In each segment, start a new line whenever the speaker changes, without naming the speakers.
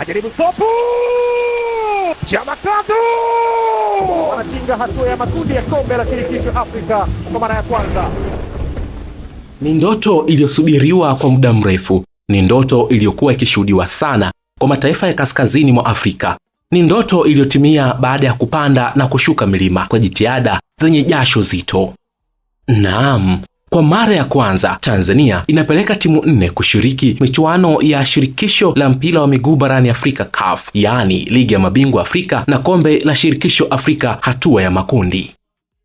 ajaribu sopu chama tatu wanatinga hatua ya makundi ya kombe la shirikisho Afrika kwa mara ya kwanza. Ni ndoto iliyosubiriwa kwa muda mrefu, ni ndoto iliyokuwa ikishuhudiwa sana kwa mataifa ya kaskazini mwa Afrika, ni ndoto iliyotimia baada ya kupanda na kushuka milima kwa jitihada zenye jasho zito. Naam, kwa mara ya kwanza Tanzania inapeleka timu nne kushiriki michuano ya shirikisho la mpira wa miguu barani Afrika CAF, yaani ligi ya mabingwa Afrika na kombe la shirikisho Afrika hatua ya makundi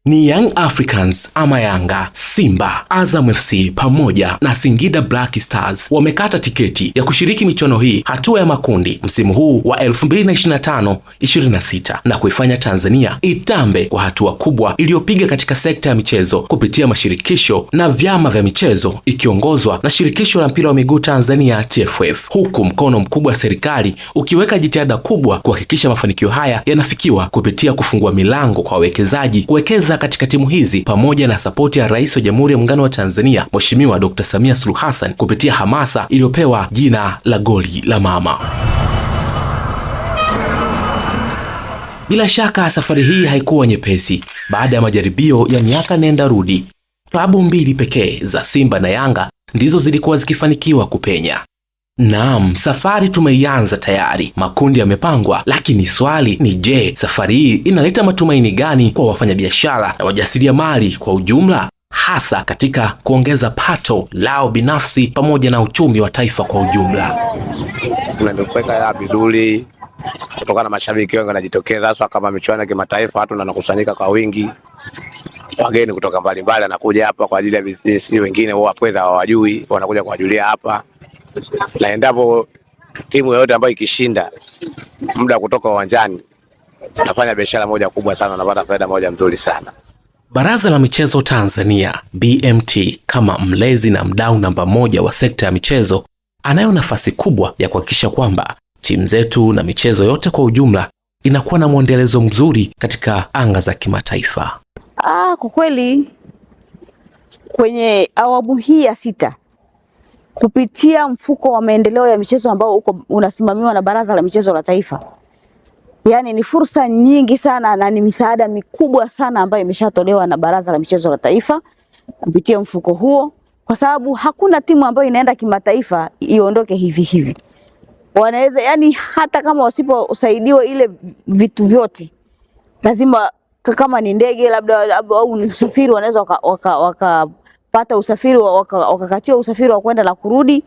ni Young Africans ama Yanga, Simba, Azam FC pamoja na Singida Black Stars wamekata tiketi ya kushiriki michuano hii hatua ya makundi msimu huu wa 2025-26 na kuifanya Tanzania itambe kwa hatua kubwa iliyopiga katika sekta ya michezo kupitia mashirikisho na vyama vya michezo ikiongozwa na shirikisho la mpira wa miguu Tanzania TFF, huku mkono mkubwa wa serikali ukiweka jitihada kubwa kuhakikisha mafanikio haya yanafikiwa kupitia kufungua milango kwa wawekezaji kuwekeza kuwekeza katika timu hizi pamoja na sapoti ya Rais wa Jamhuri ya Muungano wa Tanzania Mheshimiwa Dr. Samia Suluhu Hassan kupitia hamasa iliyopewa jina la Goli la Mama. Bila shaka safari hii haikuwa nyepesi. Baada ya majaribio ya miaka nenda rudi, klabu mbili pekee za Simba na Yanga ndizo zilikuwa zikifanikiwa kupenya. Naam, safari tumeianza tayari, makundi yamepangwa, lakini swali ni je, safari hii inaleta matumaini gani kwa wafanyabiashara na wajasiriamali kwa ujumla, hasa katika kuongeza pato lao binafsi pamoja na uchumi wa taifa kwa ujumla?
Tunanufaika ya vizuri kutokana na mashabiki wengi wanajitokeza, hasa kama michuano ya kimataifa, watu wanakusanyika kwa wingi, wageni kutoka mbalimbali anakuja hapa kwa ajili ya business. Wengine wao wapweza hawajui, wanakuja kuwajulia hapa na endapo timu yoyote ambayo ikishinda muda wa kutoka uwanjani unafanya biashara moja kubwa sana, unapata faida moja nzuri sana.
Baraza la Michezo Tanzania BMT kama mlezi na mdau namba moja wa sekta ya michezo anayo nafasi kubwa ya kuhakikisha kwamba timu zetu na michezo yote kwa ujumla inakuwa na mwendelezo mzuri katika anga za kimataifa.
Ah, kwa kweli kwenye awamu hii ya sita kupitia mfuko wa maendeleo ya michezo ambao uko unasimamiwa na Baraza la Michezo la Taifa. Yaani ni fursa nyingi sana na ni misaada mikubwa sana ambayo imeshatolewa na Baraza la Michezo la Taifa kupitia mfuko huo, kwa sababu hakuna timu ambayo inaenda kimataifa iondoke hivi hivi. Wanaweza yani, hata kama wasiposaidiwa ile vitu vyote, lazima kama ni ndege labda au ni usafiri, wanaweza waka, waka, waka wakapata usafiri wakakatiwa usafiri wa kwenda na kurudi,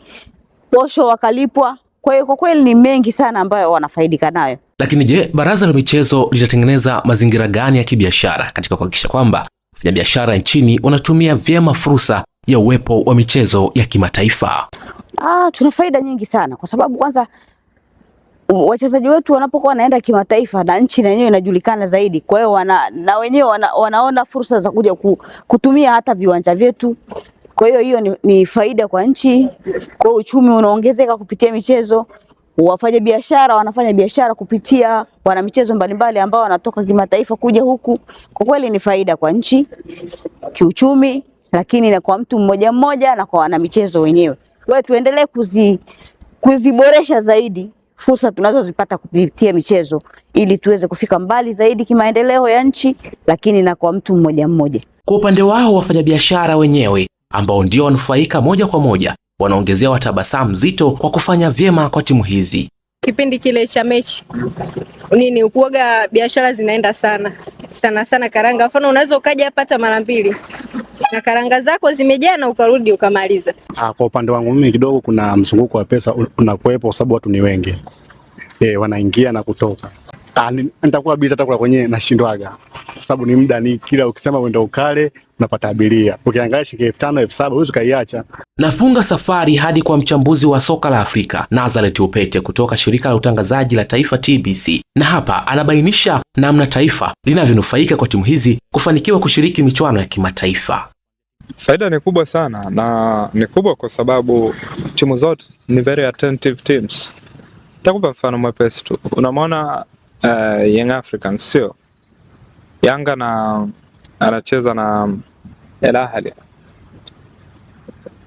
posho wakalipwa. Kwa hiyo kwa kweli ni mengi sana ambayo wanafaidika nayo.
Lakini je, baraza la michezo litatengeneza mazingira gani ya kibiashara katika kuhakikisha kwamba wafanyabiashara nchini wanatumia vyema fursa ya uwepo wa michezo ya kimataifa?
Ah, tuna faida nyingi sana kwa sababu kwanza wachezaji wetu wanapokuwa wanaenda kimataifa na nchi na yenyewe inajulikana zaidi, kwa hiyo wana, na wenyewe wana, wanaona fursa za kuja ku, kutumia hata viwanja vyetu. Kwa hiyo hiyo ni, ni faida kwa nchi, kwa uchumi unaongezeka kupitia michezo. Wafanya biashara wanafanya biashara kupitia wana michezo mbalimbali ambao wanatoka kimataifa kuja huku. Kwa kweli ni faida kwa nchi kiuchumi, lakini na kwa mtu mmoja mmoja na kwa wanamichezo wenyewe. Kwa hiyo tuendelee kuzi, kuziboresha zaidi fursa tunazozipata kupitia michezo ili tuweze kufika mbali zaidi kimaendeleo ya nchi, lakini na kwa mtu mmoja mmoja.
Kwa upande wao wafanyabiashara wenyewe ambao ndio wanufaika moja kwa moja wanaongezea watabasamu zito kwa kufanya vyema kwa timu hizi.
Kipindi kile cha mechi nini ukuoga biashara zinaenda sana sana sana karanga, mfano unaweza ukaja hapa hata mara mbili, na karanga zako zimejaa na ukarudi ukamaliza.
Ah, kwa upande wangu mimi kidogo kuna mzunguko wa pesa unakuwepo kwa sababu watu ni wengi. Eh, wanaingia na kutoka nitakuwa bizi hata kula kwenye nashindwaga, kwa sababu ni muda, ni kila ukisema uende ukale unapata abiria. Ukiangalia shilingi elfu tano elfu saba huwezi ukaiacha.
Nafunga safari hadi kwa mchambuzi wa soka la Afrika Nazareth Upete kutoka shirika la utangazaji la taifa TBC, na hapa anabainisha namna taifa linavyonufaika kwa timu hizi kufanikiwa kushiriki michuano ya kimataifa.
Faida ni kubwa sana na ni kubwa kwa sababu timu zote ni very attentive teams. Takupa mfano mwepesi tu, unamwona uh, Young African sio Yanga na anacheza na El Ahly.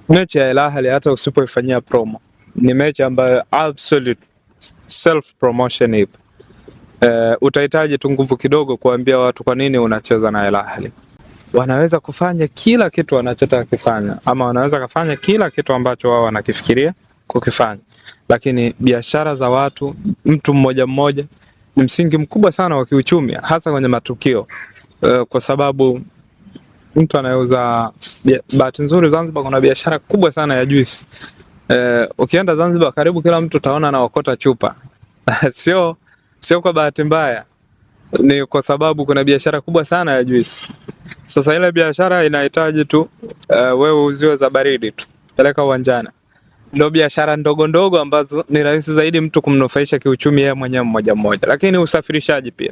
Mechi ya El Ahly hata usipoifanyia promo ni mechi ambayo absolute self promotion ipo. Uh, utahitaji tu nguvu kidogo kuambia watu kwa nini unacheza na El Ahly. Wanaweza kufanya kila kitu wanachotaka kufanya, ama wanaweza kufanya kila kitu ambacho wao wanakifikiria kukifanya, lakini biashara za watu, mtu mmoja mmoja ni msingi mkubwa sana wa kiuchumi, hasa kwenye matukio uh, kwa sababu mtu anayeuza, bahati nzuri Zanzibar kuna biashara kubwa sana ya juisi uh, ukienda Zanzibar karibu kila mtu utaona anaokota chupa sio sio kwa bahati mbaya, ni kwa sababu kuna biashara kubwa sana ya juisi. Sasa ile biashara inahitaji tu uh, wewe uziwe za baridi tu, peleka uwanjani ndo biashara ndogo ndogo ambazo ni rahisi zaidi mtu kumnufaisha kiuchumi yeye mwenyewe mmoja mmoja, lakini usafirishaji pia.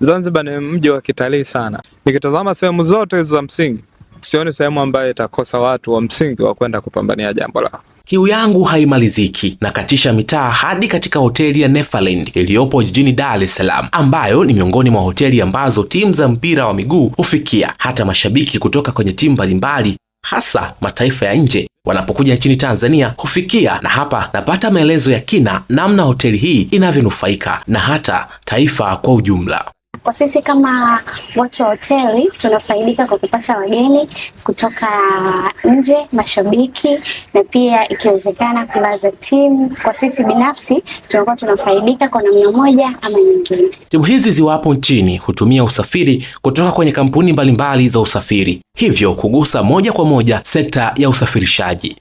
Zanzibar ni mji wa kitalii sana. Nikitazama sehemu zote hizo za msingi, sioni sehemu ambayo itakosa watu wa msingi wa kwenda kupambania jambo lao.
Kiu yangu haimaliziki na katisha mitaa hadi katika hoteli ya Nefaland iliyopo jijini Dar es Salaam, ambayo ni miongoni mwa hoteli ambazo timu za mpira wa miguu hufikia. Hata mashabiki kutoka kwenye timu mbalimbali hasa mataifa ya nje wanapokuja nchini Tanzania hufikia, na hapa napata maelezo ya kina namna hoteli hii inavyonufaika na hata taifa kwa ujumla.
Kwa sisi kama watu wa hoteli tunafaidika kwa kupata wageni kutoka nje, mashabiki na pia ikiwezekana kulaza timu. Kwa sisi binafsi tunakuwa tunafaidika kwa namna moja ama nyingine.
Timu hizi ziwapo nchini hutumia usafiri kutoka kwenye kampuni mbalimbali za usafiri, hivyo kugusa moja kwa moja sekta ya usafirishaji.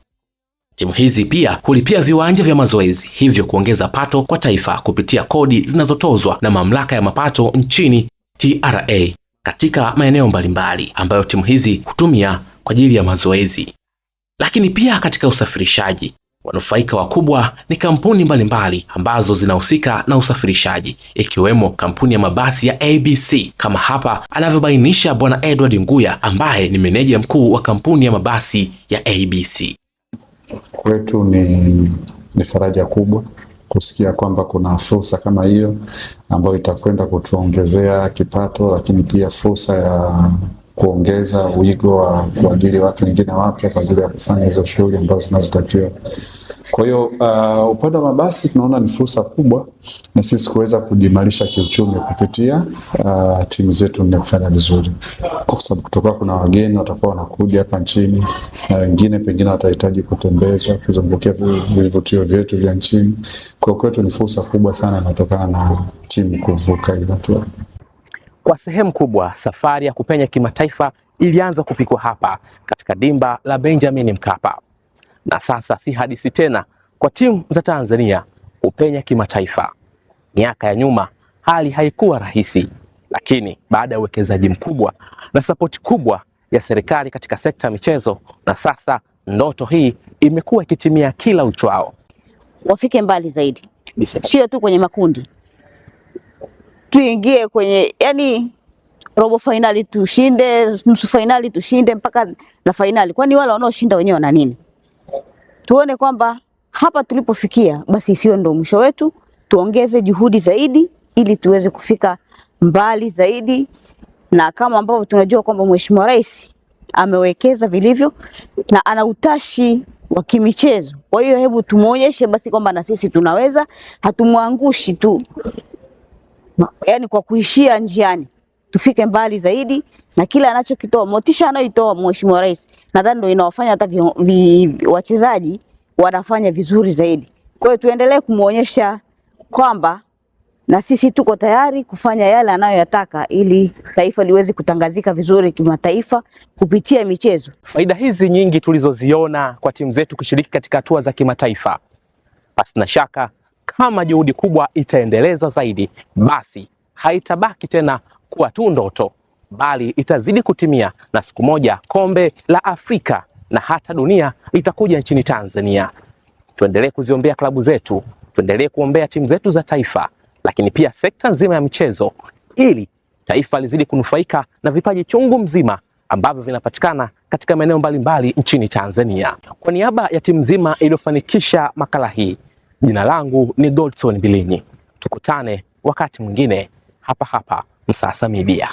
Timu hizi pia hulipia viwanja vya mazoezi, hivyo kuongeza pato kwa taifa kupitia kodi zinazotozwa na mamlaka ya mapato nchini TRA katika maeneo mbalimbali ambayo timu hizi hutumia kwa ajili ya mazoezi. Lakini pia katika usafirishaji, wanufaika wakubwa ni kampuni mbalimbali mbali ambazo zinahusika na usafirishaji ikiwemo kampuni ya mabasi ya ABC kama hapa anavyobainisha Bwana Edward Nguya ambaye ni meneja mkuu wa kampuni ya mabasi ya ABC
kwetu ni, ni faraja kubwa kusikia kwamba kuna fursa kama hiyo ambayo itakwenda kutuongezea kipato, lakini pia fursa ya kuongeza wigo wa kuajiri watu wengine wapya kwa ajili ya kufanya hizo shughuli ambazo zinazotakiwa. Kwa hiyo uh, upande wa mabasi tunaona ni fursa kubwa na sisi kuweza kujimarisha kiuchumi kupitia uh, timu zetu nne kufanya vizuri, kwa sababu kutoka kuna wageni watakuwa wanakuja hapa nchini na wengine pengine watahitaji kutembezwa kuzungukia vivutio vyetu vya nchini. Kwa kwetu ni fursa kubwa sana inatokana na timu kuvuka ile hatua.
Kwa sehemu kubwa safari ya kupenya kimataifa ilianza kupikwa hapa katika dimba la Benjamin Mkapa, na sasa si hadithi tena kwa timu za Tanzania kupenya kimataifa. Miaka ya nyuma hali haikuwa rahisi, lakini baada ya uwekezaji mkubwa na sapoti kubwa ya serikali katika sekta ya michezo, na sasa ndoto hii imekuwa ikitimia kila uchwao,
wafike mbali zaidi, sio tu kwenye makundi tuingie kwenye yani robo fainali tushinde, nusu fainali tushinde, mpaka na fainali. Kwani wale wanaoshinda wenyewe wana nini? Tuone kwamba hapa tulipofikia basi isiwe ndo mwisho wetu, tuongeze juhudi zaidi ili tuweze kufika mbali zaidi, na kama ambavyo tunajua kwamba Mheshimiwa Rais amewekeza vilivyo na ana utashi wa kimichezo. Kwa hiyo hebu tumuonyeshe basi kwamba na sisi tunaweza, hatumwangushi tu yani kwa kuishia njiani, tufike mbali zaidi na kila anachokitoa, motisha anayoitoa mheshimiwa rais, nadhani ndio inawafanya hata wachezaji wanafanya vizuri zaidi. Kwa hiyo tuendelee kumuonyesha kwamba na sisi tuko tayari kufanya yale anayoyataka ili taifa liweze kutangazika vizuri kimataifa kupitia michezo.
Faida hizi nyingi tulizoziona kwa timu zetu kushiriki katika hatua za kimataifa, pasi na shaka kama juhudi kubwa itaendelezwa zaidi, basi haitabaki tena kuwa tu ndoto, bali itazidi kutimia, na siku moja kombe la Afrika na hata dunia litakuja nchini Tanzania. Tuendelee kuziombea klabu zetu, tuendelee kuombea timu zetu za taifa, lakini pia sekta nzima ya michezo, ili taifa lizidi kunufaika na vipaji chungu mzima ambavyo vinapatikana katika maeneo mbalimbali nchini Tanzania. Kwa niaba ya timu nzima iliyofanikisha makala hii Jina langu ni Godson Bilinyi, tukutane wakati mwingine hapa hapa Msasa Media.